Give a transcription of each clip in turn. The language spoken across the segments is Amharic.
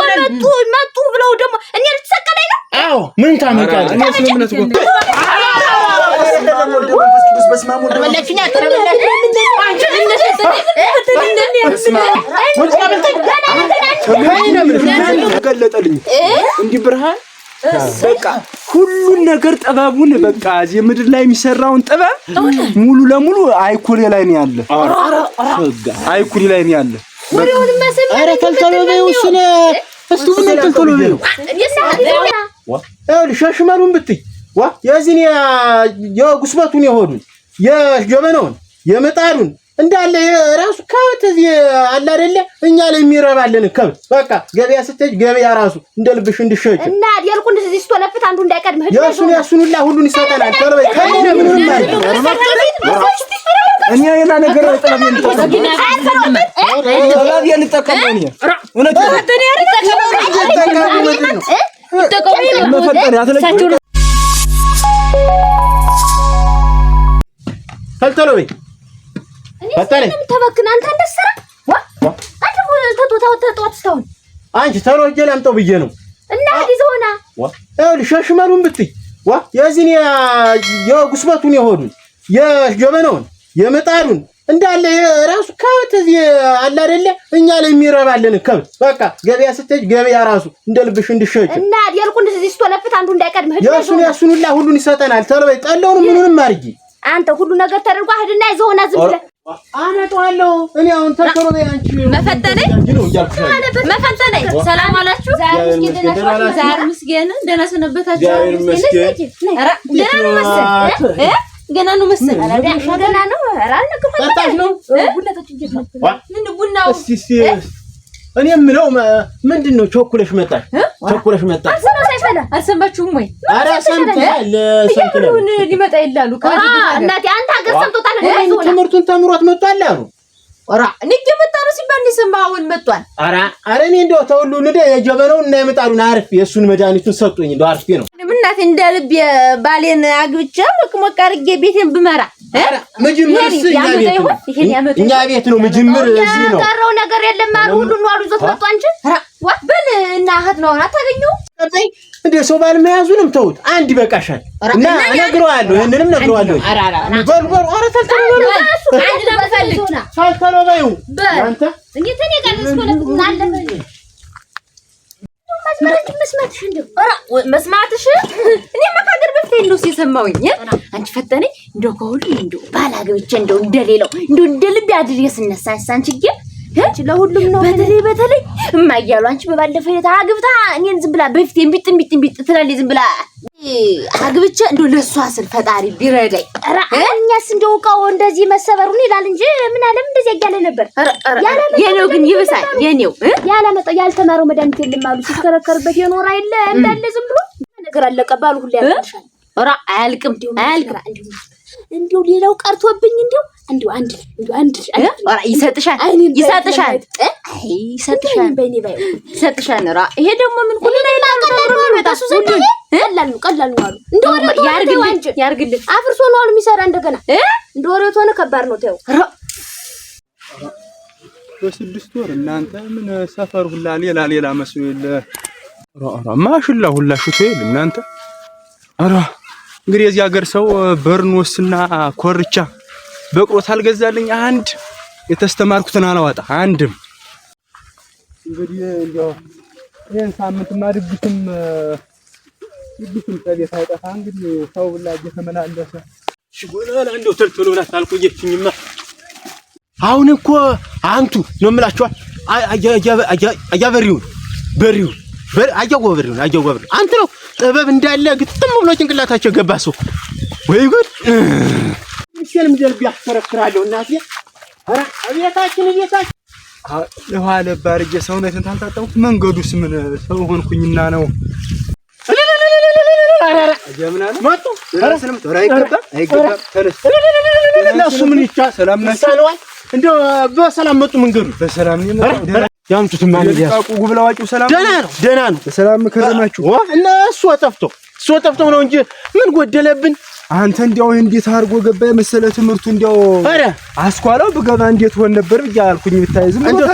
መጡ መጡ ብለው ደግሞ እኔ ልትሰቀለኝ ነው? አዎ ምን ታመጣለህ? ገለጠልኝ እንዲህ ብርሃን በቃ ሁሉን ነገር ጥበቡን በቃ እዚህ ምድር ላይ የሚሰራውን ጥበብ ሙሉ ለሙሉ አይኩሌ ላይ ነው ያለ። አይኩሌ ላይ ነው ያለ። ሸሽመሉን ብትይ ዋ የዚህን የጉስበቱን የሆዱን የጀበናውን የምጣዱን እንዳለ ራሱ ከብት እዚህ አለ አይደለ? እኛ ላይ የሚረባልን ከብት በቃ ገበያ ስትሄጂ ገበያ ራሱ እንደ ልብሽ እንድሸጪ እና ያልኩን እዚህ ስትወለፍት አንዱ እንዳይቀድምህ የእሱን የእሱን ሁላ ሁሉን ይሰጠናል። እኔ ሌላ ነገር አንቺ ተሎ እጄን አምጠው ብዬ ነው እና አዲስ ሆና ዋ ይኸውልሽ ሸሽመሉን ብትይ ዋ የዚህን የጉስበቱን የሆዱን የገበናውን የመጣሉን እንዳለ ራሱ ከብት አለ አይደለ? እኛ ላይ የሚረባልን ከብት በቃ ገበያ ስትሄጅ ገበያ ራሱ እንደ ልብሽ እንድሸጭ እና ያልኩ እንደዚህ ስትወለፍት አንዱ እንዳይቀድምህ ያሱን ያሱን ሁላ ሁሉን ይሰጠናል። ተርበይ ጠለውን ምኑንም አድርጊ አንተ ሁሉ ነገር ተደርጓ ህድና ይዘውና ዝም ብለህ አመጣዋለሁ እኔ አሁን ተከሮ ላይ አንቺ መፈተነኝ መፈተነኝ። ሰላም አላችሁ? ዛሬ ምስኪን ደህና ሰነበታችሁ? ዛሬ ምስኪን ደህና ነው መሰለህ ገና ነው መሰለኝ። ገና ነው እኔ የምለው ምንድን ነው ቸኩለሽ መጣሽ? ቸኩለሽ አልሰማችሁም ወይ? ኧረ ሰምተሃል። ሊመጣ ይላሉ። አንተ ሀገር ሰምቶታል። ትምህርቱን ተምሮት መጣል አሉ ኧረ ንግ የመጣሩ ሲባል የሰማውን መጥቷል። ኧረ ኧረ እኔ እንደው ተውሉ ንደ እና የምጣዱን አርፌ የእሱን መድኃኒቱን ሰጡኝ። እንደው አርፌ ነው እናቴ እንደ ልብ ባሌን አግብቼ ሞቅ ሞቅ አድርጌ ቤቴን ብመራ እኛ ቤት ነው መጀመር እዚህ ነው። ቀረው ነገር የለም አሉ በል እና እህት ነው አታገኙ ጠበይ እንደ ሰው ባል መያዙንም ተውት፣ አንድ ይበቃሻል። እና እነግረዋለሁ፣ ይህንንም እነግረዋለሁ። በልበል ኧረ ተልተሎ በይው መስማትሽ እኔ መካገር በፊት እንደው ሲሰማውኝ አንቺ ፈተነኝ እንደው ከሁሉ እንደው ባል እንደው እንደሌለው እንደው እንደ ልቤ አድሬ ስነሳ ሳንችዬ ለሁሉም ነው። በተለይ በተለይ እማያሉ አንቺ በባለፈ ዕለት አግብታ እኔን ዝም ብላ በፊት እምቢጥ እምቢጥ እምቢጥ ትላለች። ዝም ብላ አግብቼ እንደው ለእሷ ስል ፈጣሪ ቢረዳኝ። ኧረ እኛስ እንደው እቃው እንደዚህ መሰበሩን ይላል እንጂ ምን አለም እንደዚህ እያለ ነበር። የኔው ግን ይብሳል። የኔው ያላመጣው ያልተማረው መድኃኒት የለም አሉ ሲከረከርበት የኖረ አይደለ እንዳለ ዝም ብሎ ነገር አለቀባሉ ሁሉ ያልሻል። ኧረ አያልቅም፣ አያልቅም። እንዲሁ ሌላው ቀርቶብኝ እንዲሁ አንዱ አንድ አንዱ አንድ ይሰጥሻል ይሰጥሻል ይሰጥሻል። ይሄ ደግሞ ምን ሁሉ ላይ ቀላል ነው ቀላል ነው አሉ ያርግልን። አፍርሶ ነው አሉ የሚሰራ እንደገና እንደ ወሬት ሆነ ከባድ ነው። ተይው በስድስት ወር እናንተ ምን ሰፈር ሁላ ሌላ ሌላ መስሎ የለ ማሽላ ሁላ ሽቶ የለ እናንተ። ኧረ እንግዲህ የዚህ ሀገር ሰው በርኖስና ኮርቻ በቅሎ ታልገዛልኝ አንድ የተስተማርኩትን አላዋጣ አንድም እንግዲህ እንዲያው ይህን ሳምንት ድግስም ድግስም ጠቤት አይጠፋ እንግዲህ ሰው ብላ እየተመላለሰ ጎላ እንደው ተልተሎ ብላ እየችኝማ አሁን እኮ አንቱ ነው የምላችኋል። አያበሪውን በሪውን አያጓበሪውን አያጓ በሪውን ነው ጥበብ እንዳለ ግጥም ብሎ ጭንቅላታቸው ገባ ሰው ወይ ጉድ ልብሴንም ደርቤ አሽከረክራለሁ። እናቴ ኧረ እቤታችን እቤታችን ውሃ ለባርጌ ሰውነትን ታልታጠብኩት መንገዱስ ምን ሰው ሆንኩኝና ነው። መጡ እነሱ ምን ይቻላል? እንደው በሰላም መጡ። መንገዱ በሰላም ያምጡት ሰላም ነው፣ ነው። በሰላም ከረማችሁ? እሱ ጠፍቶ እሱ ጠፍቶ ነው እንጂ ምን ጎደለብን? አንተ እንዲያው እንዴት አድርጎ ገባ የመሰለ ትምህርቱ እንዲያው አረ አስኳላው ብገባ እንዴት ሆን ነበር ብዬ አልኩኝ። ብታይ ዝም ብሎ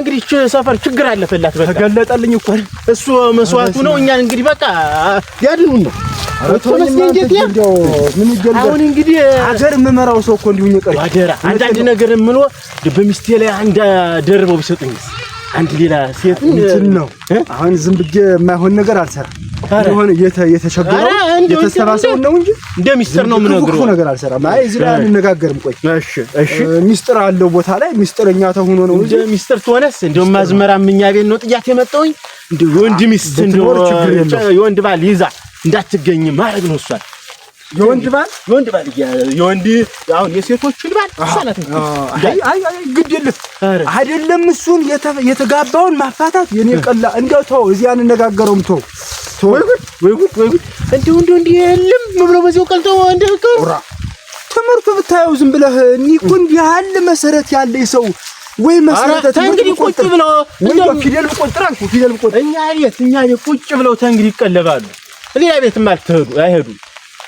እንግዲህ ሰፈር ችግር አለፈላት በቃ ተገለጠልኝ እኮ እሱ መስዋዕቱ ነው። እኛን እንግዲህ በቃ ያድኑን ነው አሁን እንግዲህ ሀገር የምመራው ሰው እኮ እንዲሁ እየቀረኝ አደራ አንዳንድ ነገር የምልህ በሚስቴ ላይ አንድ ደርበው ቢሰጡኝ አንድ ሌላ ሴት ነው። አሁን ዝም ብዬ የማይሆን ነገር አልሰራ የሆነ የተቸገረው የተሰራ ነው እንጂ እንደ ሚስጥር ነው የምነግርህ። ነገር አልሰራም። አይ እዚህ ላይ አንነጋገርም። ቆይ እሺ፣ እሺ፣ ሚስጥር አለው ቦታ ላይ ሚስጥረኛ ተሆኖ ነው እንጂ ሚስጥር ትሆነስ እንደውም ማዝመራም እኛ ቤት ነው ጥያት የመጣውኝ። እንደው ወንድ ሚስት እንደው የወንድ ባል ይዛ እንዳትገኝ ማድረግ ነው እሷን የወንድ ባል የወንድ ባል የወንድ አሁን የሴቶችን ባል ሰላት አይ አይ ግድ የለም አይደለም። እሱን የተጋባውን ማፋታት የኔ ቀላ እንደው ተው፣ እዚህ አንነጋገረውም። ተው ተው፣ ወይ ጉድ ወይ ጉድ ወይ ጉድ! እንደው እንደው እንዲህ የለም ብሎ በዚሁ ቀልቶ እንደ ከራ ትምህርቱ ብታየው ዝም ብለህ ኒኩን እኮ መሰረት ያለ መሰረት ሰው ወይ መሰረት ተንግዲህ ቁጭ ብለው እንደው ፊደል ብቆጥር አልኩህ ፊደል ብቆጥር እኛ ቤት እኛ ቤት ቁጭ ብለው ተንግዲህ ይቀለባሉ። ሌላ ቤትም አልተሄዱ አይሄዱም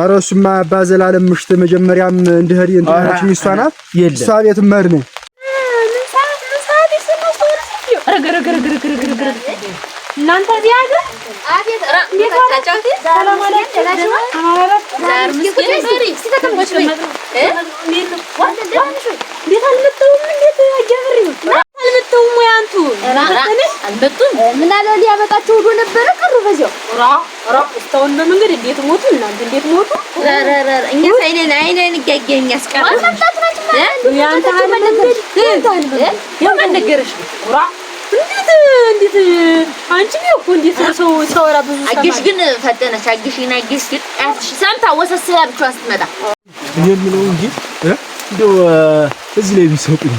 ኧረ እሱማ አባ ዘላለም ምሽት መጀመሪያም እንድሄድ እንትናችን ሚስቷ ናት። እሷ ቤት ነው እናንተ እዚህ ሀገር እንዴት አንቱ አልመጡም። ምን አለ ሊያመጣቸው ሁሉ ነበረ ቀሩ በዚያው። ራ ራ እስካሁን በመንገድ እንዴት ሞቱ እናንተ እንዴት ሞቱ? ራ ራ እኛ አይነን አይነን ይጋገኝ ያንተ አግሽ ግን ፈጠነች። አግሽ ይናግሽ ግን ሰምታ ወሰስላ ብቻዋን ስትመጣ እኔ እንጂ እንደው እዚህ ላይ ቢሰጡኝ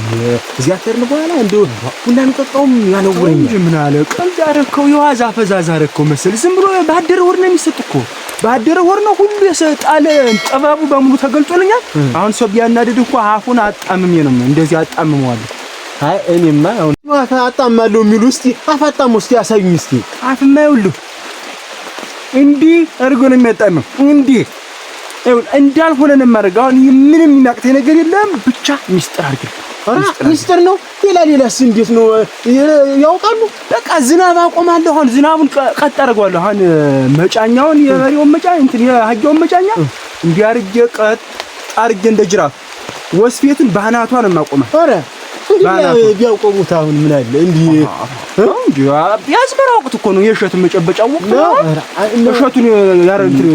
እዚህ አተርን በኋላ እንደው ቡና እንጠጣውም ያነውረኝ እንጂ ምን አለ ቀልድ አደረከው፣ የዋዛ ፈዛዝ አደረከው መሰል። ዝም ብሎ ባደረ ወር ነው የሚሰጥ እኮ ባደረ ወር ነው ሁሉ የሰጣለ ጠባቡ በሙሉ ተገልጦልኛል። አሁን ሰው ቢያናድድ እኮ አፉን አጣምሜ ነው እንደዚህ አጣምመዋለሁ። አይ እኔማ አሁን ማታ አጣማለሁ የሚሉ እስቲ አፋጣም እስቲ ያሳዩኝ እስቲ አፍማ ይውሉ እንዲህ አድርጎ ነው የሚያጣምም እንዲህ እንዳልሆነ ነው የማደርገው። አሁን ምንም የሚናቅተኝ ነገር የለም። ብቻ ሚስጥር አድርግልኝ። ሚስጥር ነው። ሌላ ሌላስ እንዴት ነው ያውቃሉ? በቃ ዝናብ አቆማለሁ። አሁን ዝናቡን ቀጥ አደርገዋለሁ። አሁን መጫኛውን የበሬውን መጫ እንትን የሀጊያውን መጫኛ እንዲህ ቀጥ አድርጌ እንደ ጅራፍ ወስፌትን ባህናቷን የማቆመ እንግዲህ ቢያውቀው ቦታ አሁን ምን አለ እንዲህ ቢያዝበራው እኮ ነው የእሸቱን መጨበጫ ወቅት ነው። እሸቱን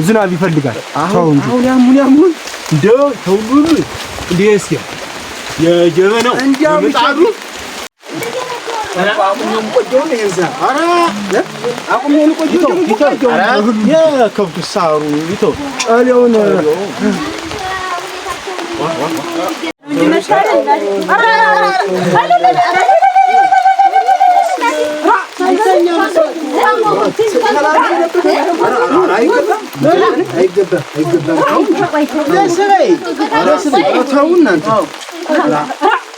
ዝናብ ይፈልጋል። አሁን ያሙን ያሙን እንደው ተውሉ እንዴ እስኪ የጀበናው ምጣዱ የከብቱ ሳሩ ይተው ጨሌውን አይገባም።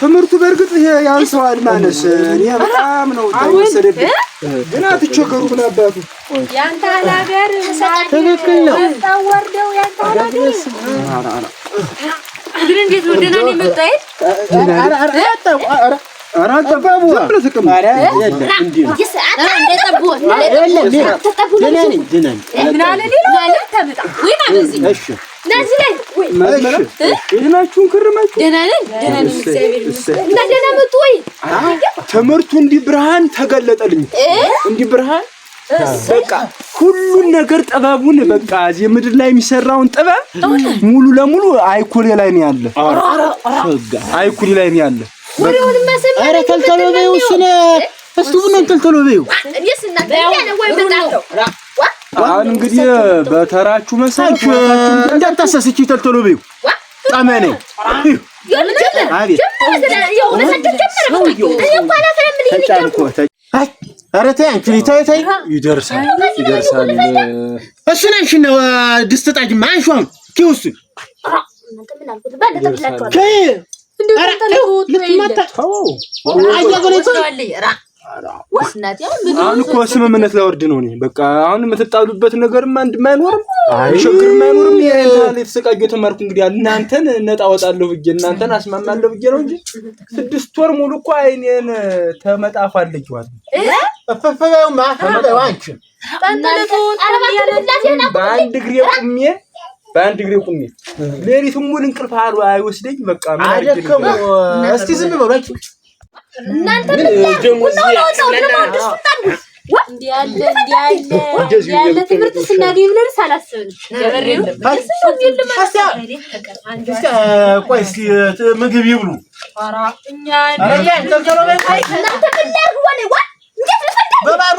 ትምህርቱ በእርግጥ ያንሰዋል ማነስ ይሄ በጣም ነው ሰደብኝ፣ ግን አትቸገሩ። ምን አባቱ ትክክል ነው። እንዴት ነው ደህና ነው የመጣሁት ትምህርቱ እንዲህ ብርሃን ተገለጠልኝ። እንዲህ ብርሃን በቃ ሁሉን ነገር ጥበቡን በቃ እዚህ ምድር ላይ የሚሰራውን ጥበብ ሙሉ ለሙሉ አይኩሌ ላይ ነው ያለ። አይኩሌ ላይ ነው ያለ ኧረ ተልተሎ በይው እሱን እስኪ ቡናውን ተልተሎ በይው። አሁን እንግዲህ በተራችሁ መሰረት እንዳታሳስቺ ተልተሎ በይው። ጠመኔ ኧረ ተይ አንቺ ተይ ተይ፣ ይደርሳል ይደርሳል። እሱን አንቺን ነው ድስት ጣጅማ አንሺው አሁን ኪውሱን አሁን እኮ ስምምነት ላወርድ ነው እኔ። በቃ አሁን የምትጣሉበት ነገርም አንድም አይኖርም፣ ችግርም አይኖርም። የተሰቃዩ የተማርኩ እንግዲህ እናንተን ነጣ ወጣለሁ ብዬ እናንተን አስማማለሁ ብዬ ነው እንጂ ስድስት ወር ሙሉ እኮ አይኔን ተመጣፋ አለችዋል በአንድ እግሬ ቁሜ በአንድ እግሬ ቁሜ ሌሊቱን ሙሉ እንቅልፍ አሉ አይወስደኝ። በቃ አደከሙ። እስቲ ዝም በሏችሁ እናንተ ምግብ ይብሉ። በባዶ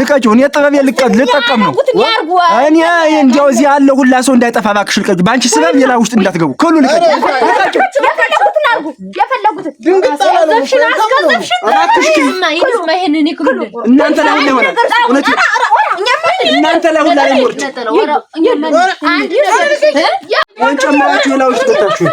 ልቀቂው። እኔ ጥበብ ልቀጥ ልጠቀም ነው። እኔ እንዲያው እዚህ ያለ ሁላ ሰው እንዳይጠፋ እባክሽ ልቀቂው። በአንቺ ስበብ ሌላ ውስጥ እንዳትገቡ። ክሉ ልቀቂው። እናንተ ላይ ሁላ ላይ ወርድ ውስጥ ነገር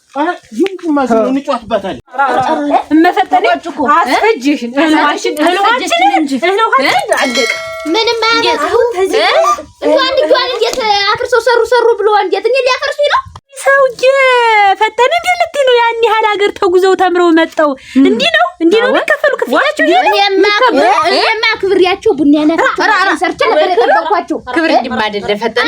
ምንም ሰሩ ሰሩ ብለዋል። እንዴት እኔ ሊያፈርሱ ነው ሰውዬ ሀገር ተጉዘው ተምረው መጠው እንዲህ ነው እንዲህ ነው የሚከፈሉ ክፍያቸው። ክብሬያቸው ቡና ያናቸው ሰርቼ ነበር የጠበኳቸው። ክብር እንዲማ አይደለም ፈተነ